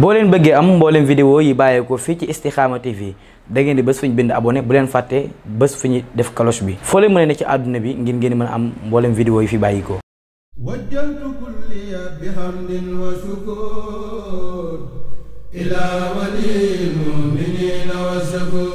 boo leen bëggee am mbooleem vidéo yi bàyyeekoo fii ci Istikhama TV da ngeen di bés fu ñu bind abonné bu leen fàtte bës fu ñu def cloche bi foo leen mën ne ci àdduna bi ngir ngeen mën a am mbooleem vidéo yi fi bàyyikoo wajjantu kulliya bi hamdin wa shukur ila walil muminina wa shakur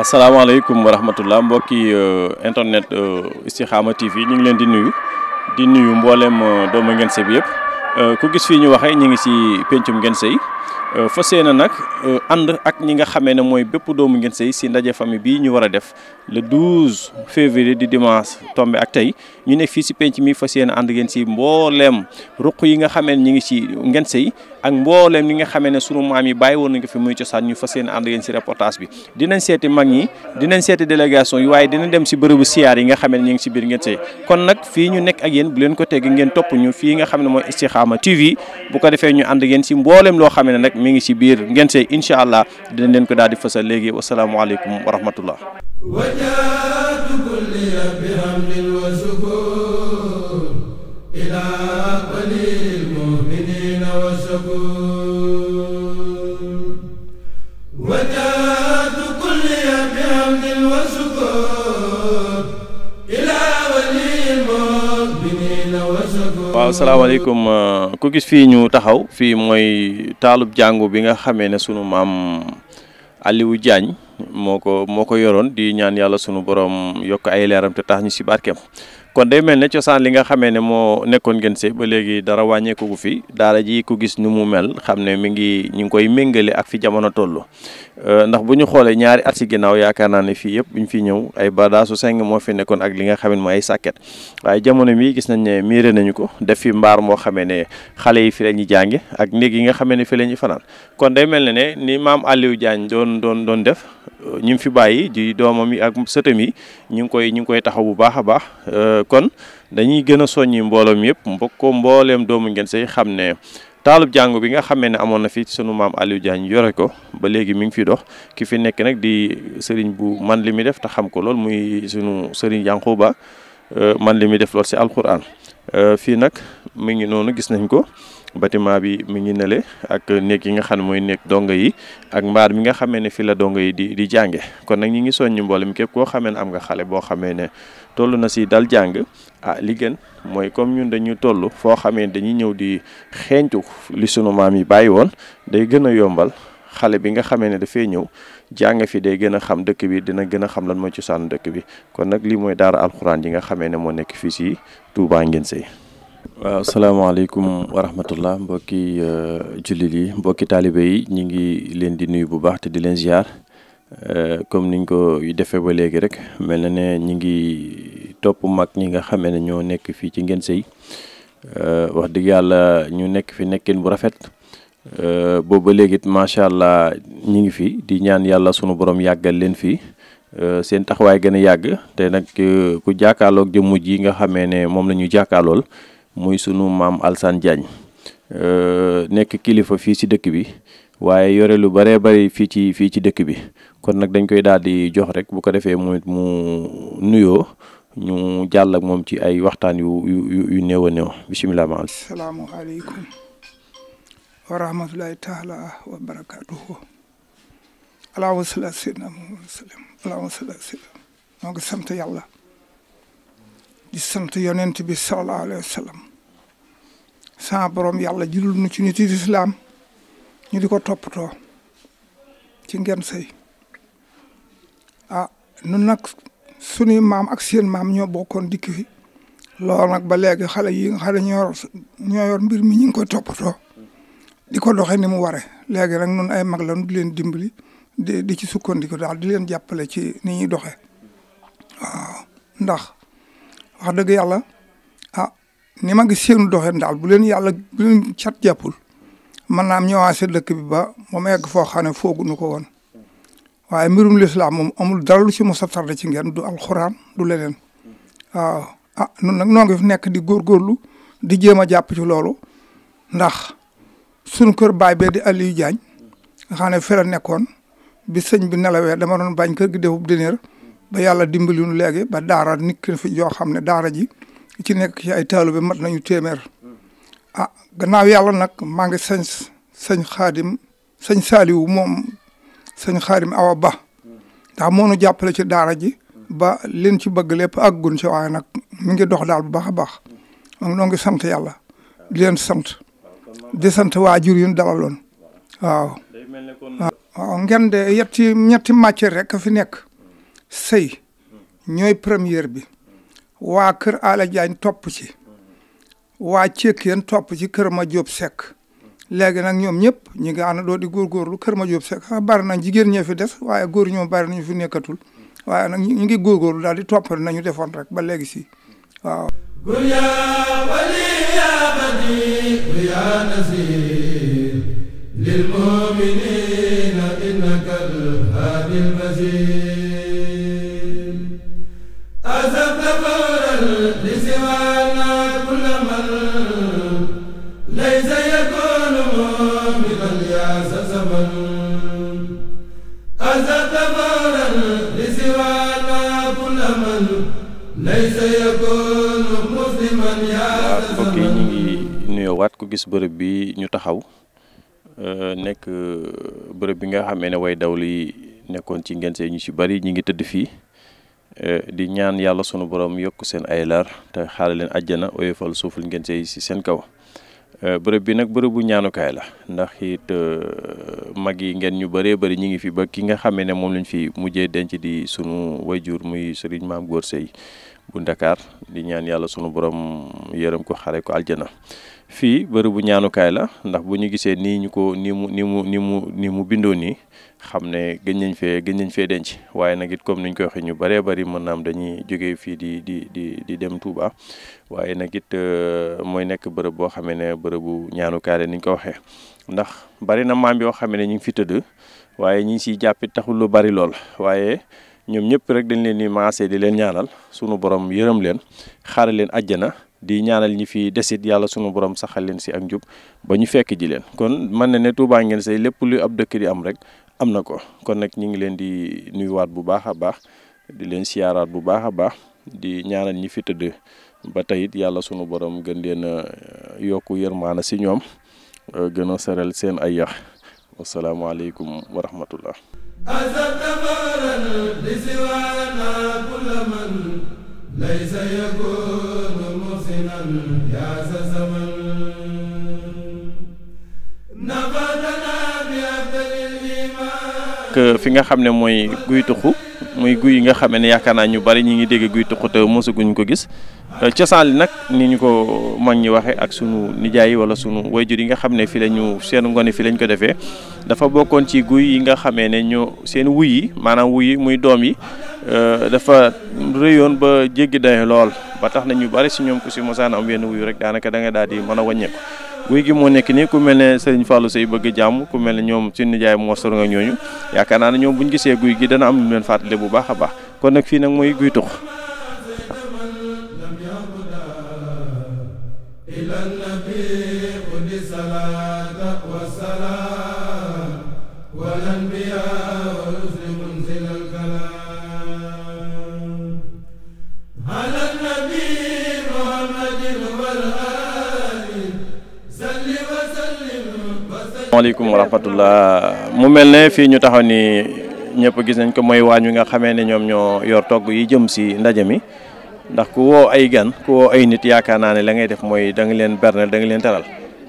asalaamaaleykum wa rahmatullah mbokki euh, internet euh, Istikhama TV ñu ngi leen di nuyu di nuyu mboolem euh, doomu ngeen bi yëpp Euh, ko gis fii ñu waxee ñu ngi si pencum Nguène Seye Euh, fas yéene nag euh, ànd ak ñi nga xamee ne mooy bépp doomu Nguén Sèye si ndaje famille bii ñu war a def le 12 février di dimanche tombé ak tey ñu ne fii si penc mi fas yéene ànd ngeen si mbooleem ruq yi nga xamee ne ñu ngi si Nguén Sèye ak mbooleem yi nga xamee ne sunu maam yi bàyyi woon nañ ko fi muy cosaan ñu fas yéene ànd ngeen bi dinañ seeti mag ñi dinañ seeti yi waaye dinañ dem si bërëbu siyaar yi nga xamee ne ñu ngi si biir Nguén kon nag fii ñu nekk ak yéen bu leen ko tegg ngeen topp ñu fii nga xam ne mooy Istikhama TV bu ko defee ñu ànd ngeen si mbooleem loo xam ne nag mi ngi ci biir ngeen see incha allah dinañ leen ko daal di fësal léegi wasalaamualeykum wa rahmatullah waaw salaamaaleykum euh, ku gis fii ñu taxaw fii mooy taalub jàngu bi nga xamee ne sunu maam Aliou Diagne moo ko moo ko yoroon di ñaan yàlla sunu borom yokk ay leeram te tax ñu si barkeem kon day mel ne cosaan li nga xamee ne moo nekkoon ngeen sëy ba léegi dara wàññeeku gu fi daara ji ku gis nu mu mel xam ne mi ngi ñu ngi koy méngale ak fi jamono toll euh, ndax bu ñu xoolee ñaari at si ginnaaw yaakaar naa ne fii yëpp ñu fi ñëw ay badaasu seng moo fi nekkoon ak li nga xam ne mooy ay sàkket waaye jamono mi gis nañ ne miire nañu ko def fi mbaar moo xamee ne xale yi fi la ñuy jànge ak néeg yi nga xamee ne fi la ñuy fanaan kon day mel ne ne ni maam Aliou Diagne doon doon doon def ñi mu fi bàyyi di doomam yi ak sëtam yi ñu ngi koy ñu ngi koy taxaw bu baax a baax euh, kon dañuy gën a soññi mbooloom yëpp mbokko mbooleem doomu ngeen say xam ne taalub jàngu bi nga xamee ne amoon na fi sunu maam Aliou Diagne yore ko ba léegi mu ngi fi dox ki fi nekk nag di sëriñ bu man li muy def te xam ko lool muy sunu sëriñ Yankuba euh, man li muy def lool si alquran euh, fii nag mi ngi noonu gis nañ ko. bâtiment bi mi ngi nele ak néeg yi nga xam ne mooy néeg dongo yi ak mbaar mi nga xamee ne fi la dongo yi di di jànge kon nag ñi ngi soññi mboolem képp koo xamee ne am nga xale boo xamee ne toll na si dal jàng ah li gën mooy comme ñun dañu toll foo xamee dañuy ñëw di xeeñtu li sunu maam yi bàyyi woon day gën a yombal xale bi nga xamee ne dafay ñëw jàng fi day gën a xam dëkk bi dina gën a xam lan mooy cosaanu dëkk bi kon nag lii mooy daara alxuraan yi nga xamee ne moo nekk fii si Touba Nguenseye waaw salaamaaleykum wa rahmatullah mbokki euh, jullit yi mbokki taalibe yi ñu ngi leen di nuyu bu baax te di leen ziar euh, comme niñ ko defee ba léegi rek mel na ne ñi ngi topp mag ñi nga xamee ne ñoo nekk fii ci ngeen sëy euh, wax dëgg yàlla ñu nekk fi nekkin bu rafet boobu ba léegi it macha allah ñu ngi fi di ñaan yàlla sunu borom yàggal leen fii. seen taxawaay gën a yàgg te nag ku jàkkaarloog jëmm yi nga xame ne moom la ñu jàkkaarlool muy sunu maam Alsaan Diagne euh, nekk kilifa fii si dëkk bi waaye yore lu bëree bëri fii ci fii ci dëkk bi kon nag dañ koy daal di jox rek bu ko defee moom mu nuyoo ñu jàll ak moom ci ay waxtaan yu yu yu néew a néew bisimilah. salaamaaleykum wa wa barakaatuhu. alaa wa salaam. alaa yàlla. di sant yonent bi sallallahu alayhi wa sallam saa borom yàlla jëlul nu ci nit yi islaam ñu di ko toppatoo ci ngeen sey a ah, nun nag sunuy maam ak seen maam ñoo bokkoon dikk fi nag ba léegi xale yi nga xam mbir mi ñu ngi koy toppatoo di ko doxee ni mu waree léegi nag nun ay mag lañu di leen dimbali di di ci sukkandiku daal di leen jàppale ci ni ñuy doxee waaw ndax. wax dëgg yàlla a ah, ni ma gis seenu doxeen daal bu leen yàlla bu leen cat jàppul man naam ñëwaase dëkk bi ba moom egg foo xam ne fooguñu ko woon waaye mbirum lislaam moom amul dara lu ci mos a tardé ci ngeen du alxuraan du leneen waaw ah nun nag noo nekk di góorgóorlu di jéem a jàpp ci loolu ndax sunu kër baay bee di Aliou Diagne nga xam nekkoon bi sëñ bi nelawee dama doon bañ kër gi defub dineer ba yàlla dimbali ñu léegi ba daara nikk fi yoo xam ne daara ji ci nekk ci ay taalibe mat nañu téeméer a ah, gannaaw yàlla nag maa ngi sañ sañ xaadim sañ saaliwu moom sañ xaadim awa ba ndax moo nu jàppale ci daara ji ba leen ci bëgg lépp àggun ci waaye nag mi ngi dox daal bu baax a baax noo ngi sant yàlla di sant di sant waajur yi ñu dalaloon waaw waaw ngeen de yetti ñetti matière rek fi nekk sëy ñooy première bi waa kër Ala Jaañ topp ci waa yen topp ci kër ma Jóob Sekk léegi nag ñoom ñëpp ñu ngi ànd doo góor góorgóorlu kër ma Jóob Sekk a ah, bari na jigéen ñee fi des waaye góor ñoom bari nañu fi nekkatul waaye nag ñu ngi góorgóorlu daal di toppal nañu defoon rek ba léegi si waaw waaw mbokk yi ñu ngi nuyoowaat ku gis bërëb bi ñu taxaw euh, nekk euh, bërëb bi nga xame ne way daw li nekkoon ci ngeen see ñu si bari ñu ngi tëdd fii euh, di ñaan yàlla sunu borom yokk seen ay leer te xaale leen àjjana oyofal suuful ngeen see si seen kaw bërëb bi nag bërëbu ñaanukaay la ndax it mag yi ngeen ñu bëree bari ñu ngi fi ba ki nga xame ne moom lañ fi mujjee denc di sunu wayjur muy sëriñ maam góor sëy bu Dakar di ñaan yàlla sunu borom yërëm ko xare ko aljana fii bërëbu bu ñaanukaay la ndax bu ñu gisee nii ñu ko nii mu ni mu ni mu ni mu bindoo nii xam ne gën nañ fee gën nañ fee denc waaye nag it comme niñ koy waxee ñu bëree bëri mën naam dañuy jógee fii di di di di dem Touba waaye nag it euh, mooy nekk bërëb boo xamee ne bërëbu ñaanukaay la niñ ko waxee ndax bari na maam yoo xamee ne ñu ngi fi tëdd waaye ñu siy jàpp taxul lu bari lool waaye. ñoom ñëpp rek dañ leen di maasee di leen ñaanal sunu borom yërëm leen xaare leen àjjana di ñaanal ñi fi desit yàlla sunu borom saxal leen si ak njub ba ñu fekk ji leen kon man na ne Touba ngeen Seye lépp lu ab dëkk di am rek am na ko kon nag ñu ngi leen di nuyuwaat bu baax a baax di leen siyaaraat bu baax a baax di ñaanal ñi fi tëdd ba tey it yàlla sunu borom gën leen a euh, yokku yërmaana si ñoom euh, gën a saral seen ay yax wasalaamaaleykum wa rahmatullah fi nga xam ne mooy guy tuxu muy guy yi nga xamee ne yaakaar naa ñu bari ñi ngi dégg guy tuqutew mosaguñ ko gis euh, cosaan li nag ni ñu ko mag ñi waxee ak sunu nijaay wala sunu jur yi nga xam ne fi la ñu seen ngone fi lañ ko defee dafa bokkoon ci guy yi nga xamee ne ñoo seen wuyyi maanaam wuy muy doom yi euh, dafa rëyoon ba jéggi dayo lool ba tax na ñu bari si ñoom ku si mosaan am wenn wuyu rek daanaka da nga daal di mën a wàññeeku guy gi moo nekk nii ku mel ne Serigne Fallou say bëgg jàmm ku mel ne ñoom si nijaay mosor nga ñooñu yaakaar naa ne ñoom bu ñu gisee guy gi dana am lu leen fàttali bu baax a baax kon nag fii nag mooy guy tux maaleykum wa rahmatullah mu mel ne fii ñu taxaw ni ñëpp gis nañ ko mooy waañ wi nga xamee ne ñoom ñoo yor togg yi jëm si ndaje mi ndax ku woo ay gan ku woo ay nit yaakaar naa ne la ngay def mooy da nga leen bernel da nga leen teral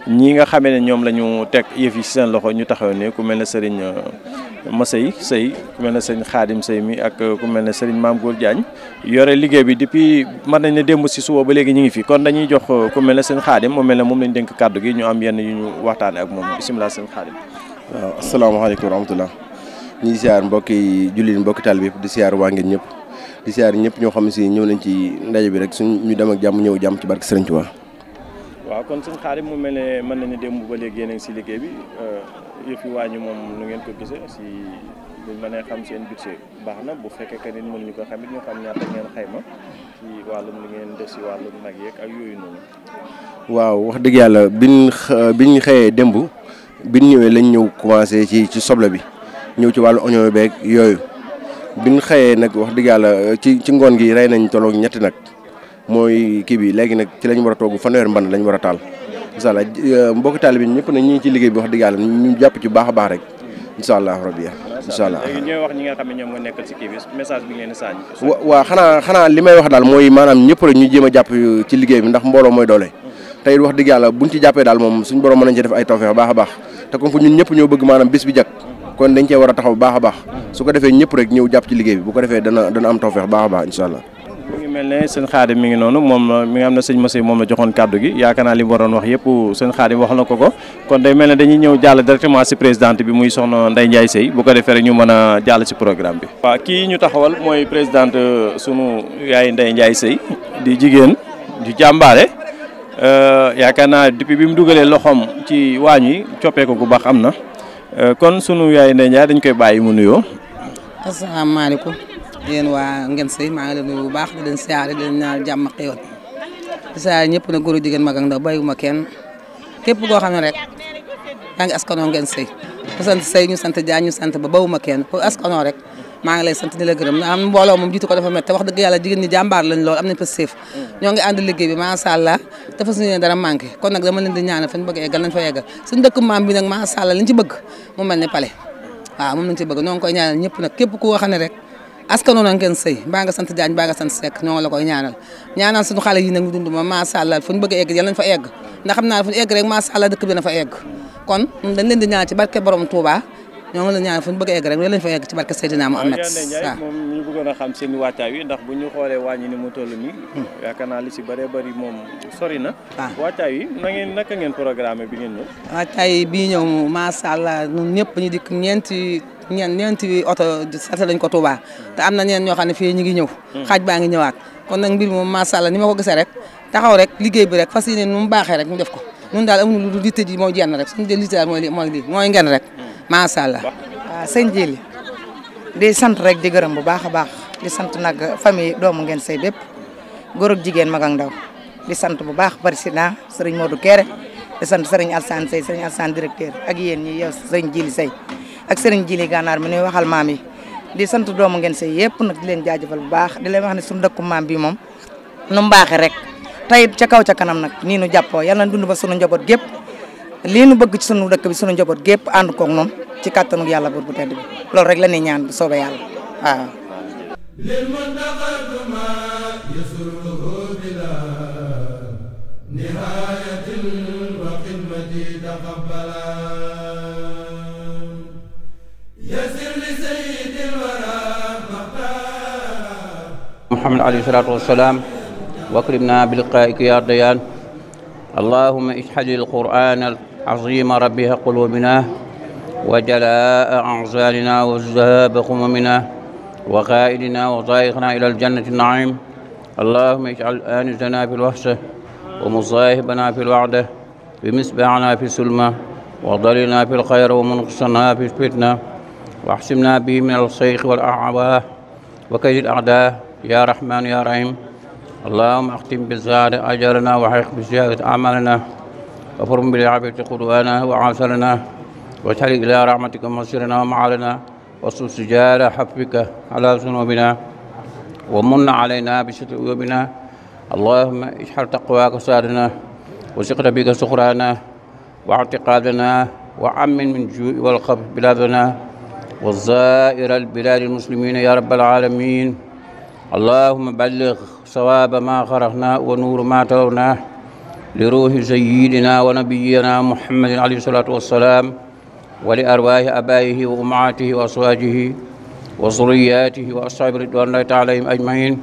ñii nga xamee ne ñoom la ñu teg yëf yi si seen loxo ñu taxaw ne ku mel ne sëriñ euh, Masay Sey ku mel ne sëriñ Xaadim Sey mi ak euh, ku mel ne sëriñ Maam Góor Diagne yore liggéey bi depuis mën nañ ne démb si suba ba léegi ñu ngi fi kon dañuy jox euh, ku mel ne sëriñ Xaadim mu mel ne moom lañ dénk kàddu gi ñu am yenn yu ñu waxtaane ak moom bisimilah sëriñ Xaadim waaw asalaamaaleykum wa rahmatullah ñi siyaar mbokki jullit mbokki taal di siyaar waa ngeen ñëpp di siyaar ñëpp ñoo xam ne si ñëw nañ ci ndaje bi rek suñ ñu dem ak jàmm ñëw jàmm ci barke Sëriñ Tuubaa waaw kon suñu xaar mu mel ne mën nañu démb ba léegi yéen a ngi si liggéey bi euh, yëf yi wàññi moom nu ngeen ko gisee si buñ mënee xam seen budget baax na bu fekkee que nit mënuñu ko xam it ñu xam ñaata ngeen xayma ci wàllum li ngeen def si wàllum nag yeeg ak yooyu noonu. waaw wax dëgg yàlla biñ biñ xëyee démb biñ ñëwee lañ ñëw commencé ci ci soble bi ñëw ci wàllu oignon beeg yooyu bi biñ xëyee nag wax dëgg yàlla ci ci ngoon gi rey nañ tolloog ñetti nag. mooy kii bi léegi nag ci lañ war a togg fanweer mban lañ war a taal incha allah euh, mbokki taali bi ñëpp nag ñi ci liggéey bi wax dëgg yàlla ñu jàpp ci a baax rek incha allah wax ñi nga xam ne ñoom nga nekkal ci kii bi message bi ngeen di sànni waaw xanaa xanaa li may ñëpp ñu jéem a jàpp ci bi ndax mbooloo mooy doole tey wax dëgg yàlla buñ ci jàppee daal moom suñu borom mën nañ ci def ay tawfeex baax a baax te comme que ñëpp ñoo bëgg maanaam bis bi jag kon dañ cee war a taxaw baax baax su ko defee ñëpp rek ñëw jàpp ci liggéey bi bu ko defee dana dana am tawfeex baax a baax incha mel ne sëñ xaadim mi ngi noonu moom mi nga am na sëñ Massey moom la joxoon kàddu gi yaakaar naa li wax yëpp sëñ xaadim wax na ko ko kon day mel ne dañuy ñëw jàll directement si présidente bi muy soxna Ndeye Ndiaye Seye bu ko defee rek ñu mën a jàll si programme bi. waaw kii ñu taxawal mooy présidente sunu yaay nday Ndiaye Seye di jigéen di jàmbaare euh, yaakaar naa depuis bi mu dugalee loxoom ci waañ yi coppeeku gu baax am na euh, kon sunu yaay Ndeye Ndiaye dañ koy bàyyi mu nuyoo. yéen waa Ngén Seye maa ngi leen nuyu bu baax di leen siyaare di leen ñaanal jàmm ak xéwal di siyaare ñëpp na góor jigéen mag ak ndaw bàyyiwuma kenn képp koo xam ne rek yaa ngi askanoo Ngén Seye ñu sant Seye ñu sant Dia ñu sant ba bawuma kenn pour askanoo rek maa ngi lay sant di la gërëm na am mbooloo moom jiitu ko dafa métti wax dëgg yàlla jigéen ñi jàmbaar lañ lool am nañ fa seef ñoo ngi ànd liggéey bi macha allah dafa suñu ne dara manqué kon nag dama leen di ñaanal fañ bëgg eggal nañ fa eggal suñu dëkk maam bi nag macha allah liñ ci bëgg mu mel ni pale waaw moom lañ ci bëgg ñoo ngi koy ñaanal ñëpp nag képp ku xam ne rek askanu na ngeen sëy mbaa nga sant Diagne mbaa nga sant Seck ñoo la koy ñaanal ñaanal suñu xale yi nag ñu dund a egg yal nañ fa egg ndax xam naa fu ñu egg rek macha allah dëkk bi dana fa egg kon dañ leen di ñaan ci barke borom ñoo ngi la ñaan fu ñu bëgg a egg rek loolu lañ fa egg ci barke Seydina Muhammad waaw moom ñu bëggoon a xam seen waataay wi ndax bu ñu xoolee wàññi ni mu toll nii hmm. yaakaar naa li si bëree bëri moom sori na waaw ah. waataay yi na ngeen naka ngeen programme bi ngeen ñëw waataay bii ñëw masha Allah ñun ñëpp ñu dikk ñeenti ñeen ñeenti oto sarse lañ ko Touba te am na ñeen ñoo xam ne fii ñu ngi ñëw hmm. xaaj baa ngi ñëwaat kon nag mbir moom masha Allah ni ma ko gisee rek taxaw rek liggéey bi rek fas yéene nu mu baaxee rek ñu def ko ñun daal amuñu lu dul yitte ji moo jenn rek suñu dee yitte daal mooy mooy lii mooy ngeen rek macha allah. waaw sëñ di sant rek di gërëm bu baax a baax di sant nag famille doomu ngeen say bépp góor jigéen mag ak di sant bu baax président sëriñ Modou Kéré di sant sëriñ Alsane Sey sëriñ Alsane directeur ak yéen ñi yow sëriñ Jili Sey ak sëriñ Jili Gànnaar mi nuy waxal maam yi di sant doomu ngeen say yëpp nag di leen jaajëfal bu baax di leen wax ne suñu dëkku maam bi moom nu mu rek tey ca kaw ca kanam nag nii nu jàppoo yàlla na ba sunu njaboot gépp lii nu bëgg ci sunu dëkk bi sunu njaboot gépp ànd koog noonu ci kàttanu yàlla buur bu tedd bi loolu rek la ñuy ñaan bu soobee yàlla waaw. محمد عليه الصلاة والسلام واكرمنا بلقائك يا ديان اللهم اجعل القرآن عظيم ربها قلوبنا وجلاء أعزالنا وذهاب هممنا وغائلنا وطائقنا إلى الجنة النعيم اللهم اجعل آنسنا في الوحشة ومصاحبنا في الوعدة بمسبعنا في السلمة وضلنا في الخير ومنقصنا في الفتنة واحسمنا به من الصيخ والأعواه وكيد الأعداء يا رحمن يا رحيم اللهم اختم بالزاد أجرنا وحقق بالزيادة أعمالنا وفرم بالعافية قدوانا وعاثرنا واجعل إلى رحمتك مصيرنا ومعالنا واصل سجال حفظك على ذنوبنا ومن علينا بستر عيوبنا اللهم اجعل تقواك سادنا وسقط بك سخرانا واعتقادنا وعمن من جوع والخبر بلادنا والزائر البلاد المسلمين يا رب العالمين اللهم بلغ صواب ما خرقناه ونور ما تروناه لروح سيدنا ونبينا محمد عليه الصلاة والسلام ولأرواح أبائه وأمعاته وأزواجه وذرياته وأصحاب رضوان الله تعالى عليهم أجمعين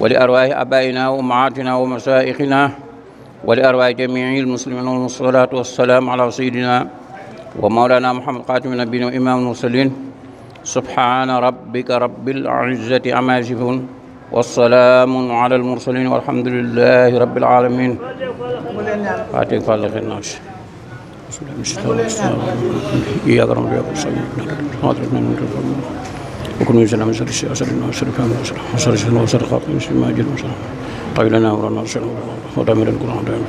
ولأرواح أبائنا وأمعاتنا ومشايخنا ولأرواح جميع المسلمين والصلاة والسلام على سيدنا ومولانا محمد قاتم النبيين وإمام المرسلين سبحان ربك رب العزة عما يصفون wasalaamun ala almursalin walhamdulilahi rabbil alamin waateeg fàll xen naag إياك نعبد وإياك نستعين اهدنا النور وكن من سلام سر السياسة لنا وسر كامل وسر وسر سلم وسر خاطئ وسر ماجد وسر طيب لنا أمرنا وسر ودمر القرآن دائما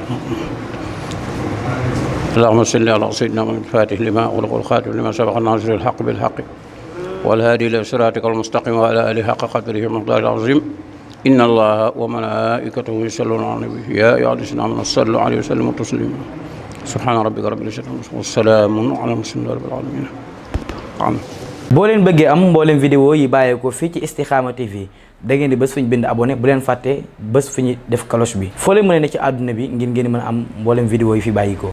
اللهم صل على سيدنا محمد الفاتح لما أغلق الخاتم لما سبق الناصر الحق بالحق wala إلى صراطك المستقيم وعلى آله حق قدره ومقداره العظيم إن الله وملائكته يصلون على النبي يا أيها الذين آمنوا صلوا عليه وسلموا تسليما سبحان ربك رب العزة boo leen bëggee am mbooleem vidéo yi bàyyeekoo fii ci Istikhama TV da ngeen di bés fu ñu bind abonné bu leen fàtte bés fu ñu def cloche bi foo leen mën a ci àdduna bi ngir ngeen mën am mbooleem vidéo yi fi bàyyikoo